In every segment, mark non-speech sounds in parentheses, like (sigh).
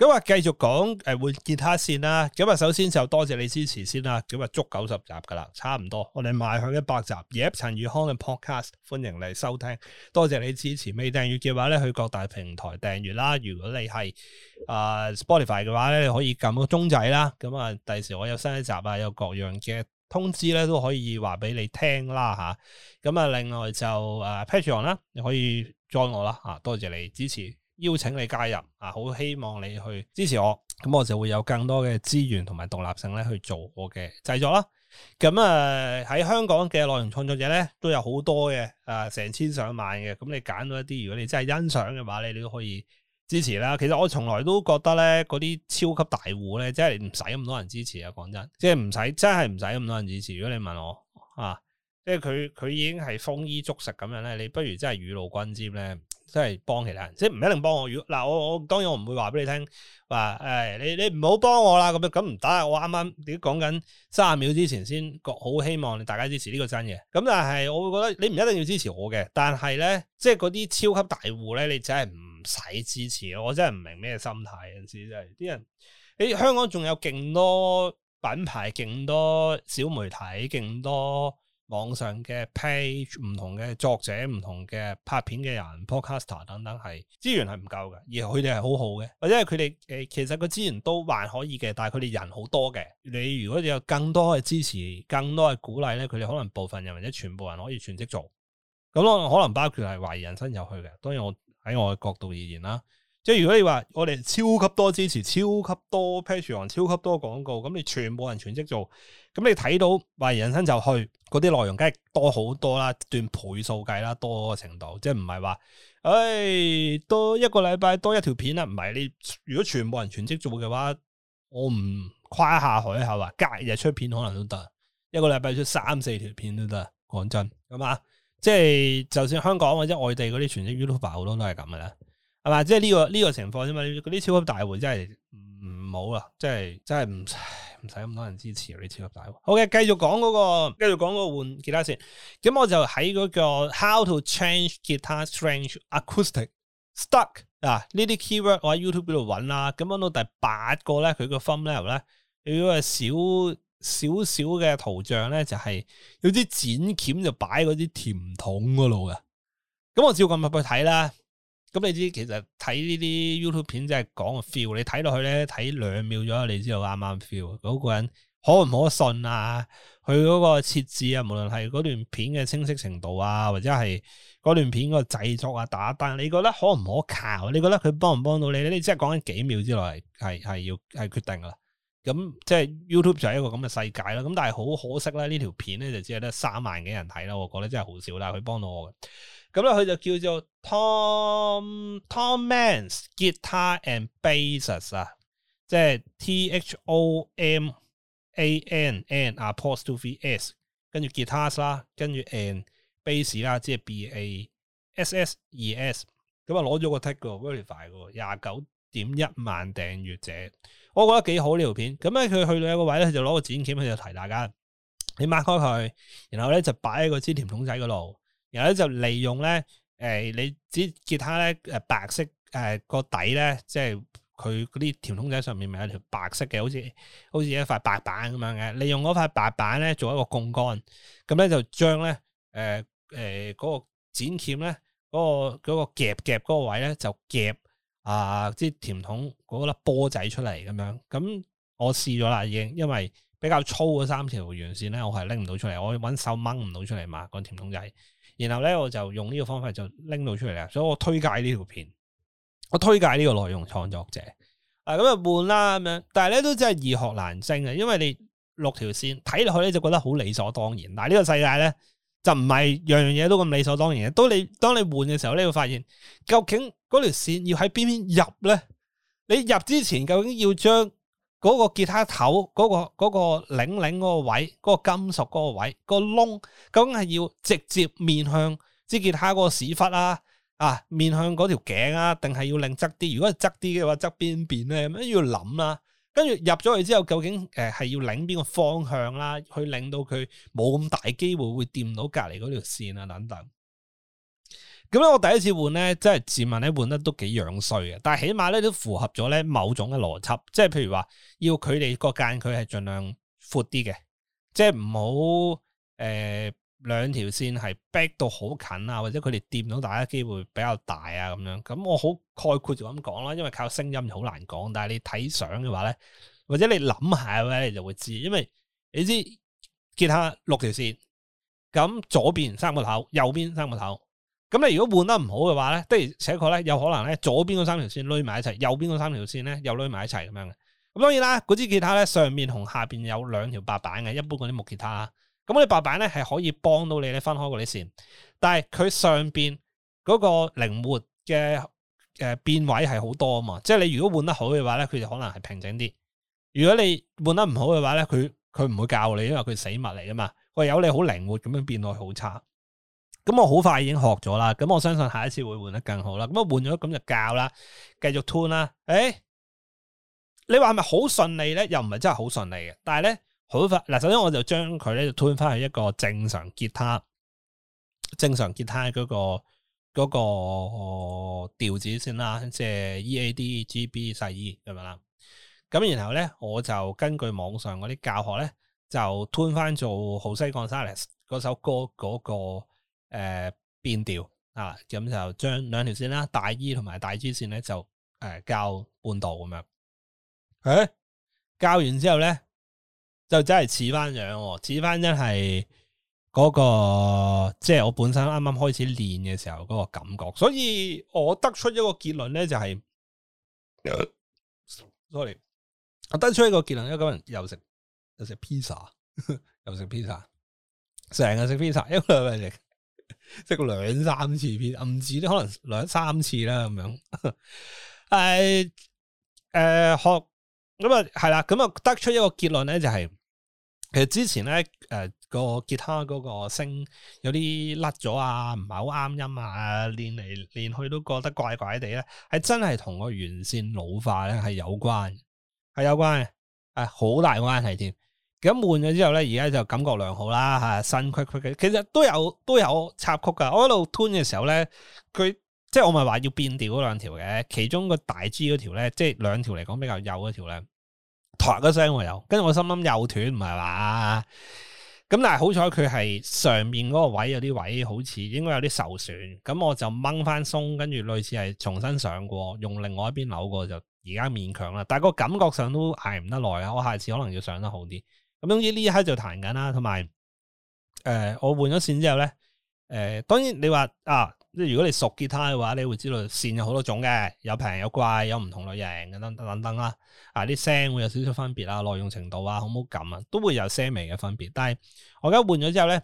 咁啊，繼續講誒，換、呃、吉他線啦。咁啊，首先就多謝你支持先啦。咁啊，足九十集噶啦，差唔多。我哋邁向一百集。葉陳宇康嘅 podcast，歡迎你收聽。多謝你支持。未訂閱嘅話咧，去各大平台訂閱啦。如果你係啊、呃、Spotify 嘅話咧，你可以撳個鐘仔啦。咁、嗯、啊，第時我有新一集啊，有各樣嘅通知咧，都可以話俾你聽啦吓。咁啊，另外就啊、呃、Patreon 啦，你可以 join 我啦。吓、啊，多謝你支持。邀請你加入啊！好希望你去支持我，咁我就會有更多嘅資源同埋獨立性咧去做我嘅製作啦。咁啊，喺香港嘅內容創作者咧都有好多嘅啊，成千上萬嘅。咁你揀到一啲，如果你真係欣賞嘅話咧，你都可以支持啦。其實我從來都覺得咧，嗰啲超級大戶咧，即係唔使咁多人支持啊！講真，即係唔使，真係唔使咁多人支持。如果你問我啊，即係佢佢已經係豐衣足食咁樣咧，你不如真係雨露均沾咧。即係幫其他人，即係唔一定幫我。如果嗱，我我當然我唔會話俾你聽，話誒，你你唔好幫我啦。咁樣咁唔得啊。我啱啱點講緊三十秒之前先覺，好希望大家支持呢個真嘅。咁但係我會覺得你唔一定要支持我嘅。但係咧，即係嗰啲超級大戶咧，你真係唔使支持。我真係唔明咩心態？有陣時真係啲人，你香港仲有勁多品牌，勁多小媒體，勁多。網上嘅 page，唔同嘅作者，唔同嘅拍片嘅人，podcaster (music) 等等，係資源係唔夠嘅，而佢哋係好好嘅，或者係佢哋誒其實個資源都還可以嘅，但係佢哋人好多嘅，你如果你有更多嘅支持，更多嘅鼓勵咧，佢哋可能部分人或者全部人可以全職做，咁我可能包括係懷疑人生入去嘅，當然我喺我嘅角度而言啦。即係如果你話我哋超級多支持，超級多 Patreon，超級多廣告，咁你全部人全職做，咁你睇到話人生就去嗰啲內容，梗係多好多啦，段倍數計啦，多個程度，即係唔係話，唉，多一個禮拜多一條片啦，唔係你如果全部人全職做嘅話，我唔誇下海口係嘛，隔日出片可能都得，一個禮拜出三四條片都得，講真，咁啊，即係就算香港或者外地嗰啲全職 YouTuber 好多都係咁嘅啦。係嘛，即係呢、這個呢、這個情況啫嘛，嗰啲超級大會真係唔好啦，即係真係唔唔使咁多人支持嗰啲超級大會。好嘅，繼續講嗰、那個，繼續講個換吉他線。咁我就喺嗰個 How to change guitar string acoustic stuck 啊，呢啲 keyword 我喺 YouTube 嗰度揾啦。咁揾到第八個咧，佢個 thumbnail 咧，有，小小小呢就是、有一個少少少嘅圖像咧，就係有啲剪鉗就擺嗰啲甜筒嗰度嘅。咁我照咁入去睇啦。咁你知其實睇呢啲 YouTube 片即係講個 feel，你睇落去咧睇兩秒咗，你知道啱啱 feel？嗰個人可唔可信啊？佢嗰個設置啊，無論係嗰段片嘅清晰程度啊，或者係嗰段片個製作啊打單，但你覺得可唔可靠啊？你覺得佢幫唔幫到你？你即係講緊幾秒之內係係要係決定噶啦。咁即係 YouTube 就係一個咁嘅世界啦。咁但係好可惜咧，呢條片咧就只係得三萬幾人睇啦。我覺得真係好少啦，佢幫到我。咁咧，佢就叫做 Tom t o m a n s Guitar and b a,、n n a P o、s、t o v、s 啊，即係 T H O M A N N 啊，post to vs，跟住 guitars 啦，跟住 and bass 啦，即係 B A S S E S，咁啊攞咗個 tick 嘅 verify 嘅，廿九點一萬訂閱者，我覺得幾好呢條片。咁咧，佢去到一個位咧，就攞個剪鉗喺就提大家，你擘開佢，然後咧就擺喺個支甜筒仔嗰度。然後咧就利用咧，誒、呃，你支吉他咧，誒，白色，誒、呃，個底咧，即係佢啲甜筒仔上面咪有條白色嘅，好似好似一塊白板咁樣嘅。利用嗰塊白板咧，做一個槓桿，咁咧就將咧，誒、呃，誒、呃，嗰、那個剪鉗咧，嗰個嗰個夾夾嗰個位咧，就夾啊，即、呃、甜筒嗰粒波仔出嚟咁樣。咁我試咗啦，已經，因為比較粗嗰三條弦線咧，我係拎唔到出嚟，我搵手掹唔到出嚟嘛，個甜筒仔。然後咧我就用呢個方法就拎到出嚟啦，所以我推介呢條片，我推介呢個內容創作者，啊咁啊換啦咁樣，但係咧都真係易學難精呀，因為你六條線睇落去咧就覺得好理所當然，但呢個世界咧就唔係樣樣嘢都咁理所當然嘅，當你當你換嘅時候你會發現究竟嗰條線要喺邊邊入咧，你入之前究竟要將。嗰個吉他頭，嗰、那個嗰、那個擰擰嗰個位，嗰、那個金屬嗰個位，那個窿，究竟係要直接面向即吉他嗰個屎忽啦，啊，面向嗰條頸啊，定係要擰側啲？如果係側啲嘅話，側邊邊咧，咁要諗啦、啊。跟住入咗去之後，究竟誒係要擰邊個方向啦、啊？去令到佢冇咁大機會會掂到隔籬嗰條線啊，等等。咁咧，我第一次換咧，即係自問咧，換得都幾樣衰嘅。但係起碼咧，都符合咗咧某種嘅邏輯。即係譬如話，要佢哋個間距係盡量闊啲嘅，即係唔好誒兩條線係逼到好近啊，或者佢哋掂到大家機會比較大啊咁樣。咁我好概括就咁講啦，因為靠聲音好難講，但係你睇相嘅話咧，或者你諗下咧，你就會知。因為你知結他六條線，咁左邊三個頭，右邊三個頭。咁你如果換得唔好嘅話咧，的而且確咧，有可能咧，左邊嗰三條線攣埋一齊，右邊嗰三條線咧又攣埋一齊咁樣嘅。咁當然啦，嗰支吉他咧，上面同下邊有兩條白板嘅，一般嗰啲木吉他。咁嗰啲白板咧係可以幫到你咧分開嗰啲線，但係佢上邊嗰個靈活嘅誒變位係好多啊嘛。即係你如果換得好嘅話咧，佢就可能係平整啲。如果你換得唔好嘅話咧，佢佢唔會教你，因為佢死物嚟噶嘛。我有你好靈活咁樣變位，好差。咁我好快已經學咗啦，咁我相信下一次會換得更好啦。咁我換咗咁就教啦，繼續 tune 啦。誒、欸，你話係咪好順利咧？又唔係真係好順利嘅。但係咧好快嗱，首先我就將佢咧 tune 翻去一個正常吉他，正常吉他嗰、那個嗰、那個調、呃、子先啦，即係 E A D G B 細 E 咁樣啦。咁然後咧我就根據網上嗰啲教學咧，就 tune 翻做 José González 首歌、那個。誒、呃，變調啊，咁就將兩條線啦，大 E 同埋大 G 線咧就誒、呃、交半度咁樣。誒、欸，交完之後咧，就真係似翻樣，似翻一係嗰個，即、就、係、是、我本身啱啱開始練嘅時候嗰個感覺。所以我得出一個結論咧，就係、是呃、，sorry，我得出一個結論， (laughs) 一個人又食又食 pizza，又食 pizza，成日食 pizza，一路嚟食。兩兩兩識兩三次片，唔止都可能兩三次啦，咁樣。誒、uh、誒，學咁啊，係啦，咁、嗯、啊、嗯，得出一個結論咧，就係、是、其實之前咧，誒、呃、個吉他嗰個聲有啲甩咗啊，唔係好啱音啊，練嚟練去都覺得怪怪地咧，係真係同個完善老化咧係有關，係有關嘅，係、嗯、好大關係添。咁換咗之後咧，而家就感覺良好啦，吓新曲曲嘅，其實都有都有插曲噶。我喺度 tune 嘅時候咧，佢即係我咪話要變調嗰兩條嘅，其中個大 G 嗰條咧，即係兩條嚟講比較幼一條咧，突一聲我又，跟住我心諗又斷唔係嘛？咁但係好彩佢係上面嗰個位有啲位好似應該有啲受損，咁我就掹翻鬆，跟住類似係重新上過，用另外一邊扭過就而家勉強啦。但係個感覺上都挨唔得耐啊，我下次可能要上得好啲。咁總之呢一刻就彈緊啦，同埋誒我換咗線之後咧，誒當然你話啊，即係如果你熟吉他嘅話，你會知道線有好多種嘅，有平有貴，有唔同類型嘅等等等等啦。啊啲聲會有少少分別啊，耐用程度啊，好唔好撳啊，都會有些微嘅分別。但係我而家換咗之後咧，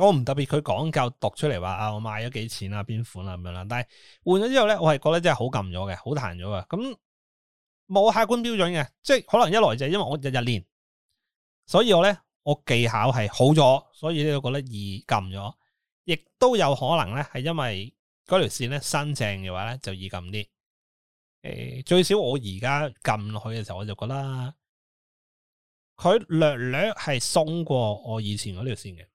我唔特別佢講究讀出嚟話啊我買咗幾錢啊邊款啊咁樣啦。但係換咗之後咧，我係覺得真係好撳咗嘅，好彈咗嘅。咁冇客觀標準嘅，即係可能一來就係因為我日日練。所以我咧，我技巧係好咗，所以呢，我覺得易撳咗，亦都有可能咧，係因為嗰條線咧新正嘅話咧，就易撳啲。誒，最少我而家撳落去嘅時候，我就覺得佢略略係鬆過我以前嗰條線嘅，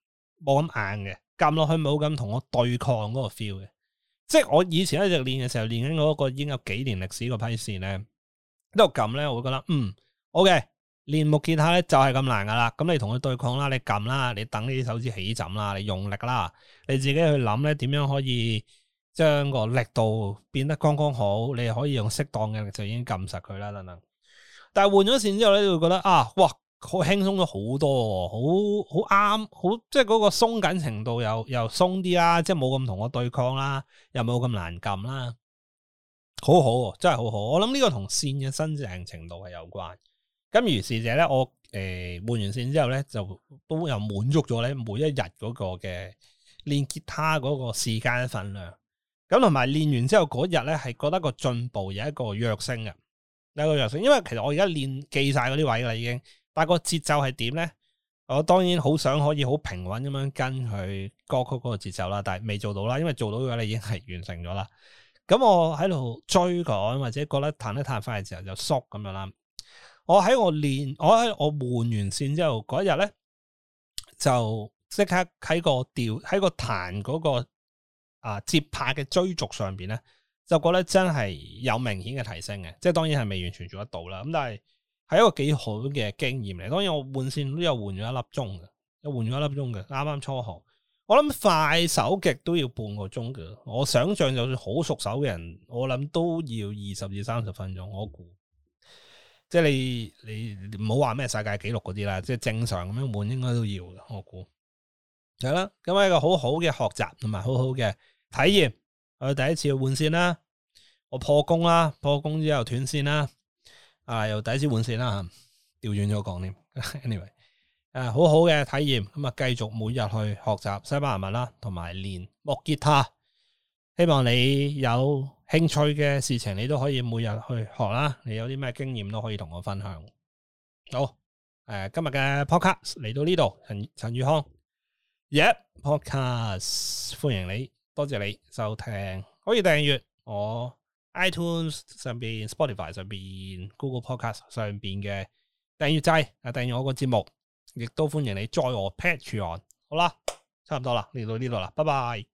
冇咁硬嘅，撳落去冇咁同我對抗嗰個 feel 嘅。即係我以前一直練嘅時候，練緊嗰個已經有幾年歷史個批線咧，呢度撳咧，我會覺得嗯，OK。練木吉他咧就係咁難噶啦，咁你同佢對抗啦，你撳啦，你等呢啲手指起枕啦，你用力啦，你自己去諗咧點樣可以將個力度變得剛剛好，你可以用適當嘅力就已經撳實佢啦等等。但係換咗線之後咧，你就會覺得啊，哇，好輕鬆咗好多喎，好好啱，好即係嗰個鬆緊程度又又鬆啲啦，即係冇咁同我對抗啦，又冇咁難撳啦，好好，真係好好。我諗呢個同線嘅新淨程度係有關。咁於是者咧，我誒、呃、換完線之後咧，就都又滿足咗咧，每一日嗰個嘅練吉他嗰個時間嘅份量。咁同埋練完之後嗰日咧，係覺得個進步有一個躍升嘅，有一個躍升。因為其實我而家練記晒嗰啲位啦，已經。但係個節奏係點咧？我當然好想可以好平穩咁樣跟佢歌曲嗰個節奏啦，但係未做到啦。因為做到嘅話咧，已經係完成咗啦。咁、嗯、我喺度追趕或者覺得彈得太快嘅時候就縮咁樣啦。我喺我練，我喺我換完線之後嗰日咧，就即刻喺個調喺個彈嗰個啊節拍嘅追逐上邊咧，就覺得真係有明顯嘅提升嘅，即係當然係未完全做得到啦。咁但係係一個幾好嘅經驗嚟。當然我換線都有換咗一粒鐘嘅，又換咗一粒鐘嘅。啱啱初學，我諗快手極都要半個鐘嘅。我想象就算好熟手嘅人，我諗都要二十至三十分鐘。我估。即係你你唔好話咩世界紀錄嗰啲啦，即係正常咁樣換應該都要嘅，我估。係啦，咁係一個好好嘅學習同埋好好嘅體驗。我第一次換線啦，我破功啦，破功之後斷線啦，啊又第一次換線啦吓，調轉咗講添。Anyway，誒、啊、好好嘅體驗，咁啊繼續每日去學習西班牙文啦，同埋練木吉他。希望你有興趣嘅事情，你都可以每日去學啦。你有啲咩經驗都可以同我分享。好，誒、呃，今日嘅 Pod、yeah, podcast 嚟到呢度，陳陳宇康 y e p p o d c a s t 歡迎你，多謝你收聽，可以訂閱我 iTunes 上邊、Spotify 上邊、Google Podcast 上邊嘅訂閱制啊，訂閱我個節目，亦都歡迎你再我 Patreon。好啦，差唔多啦，嚟到呢度啦，拜拜。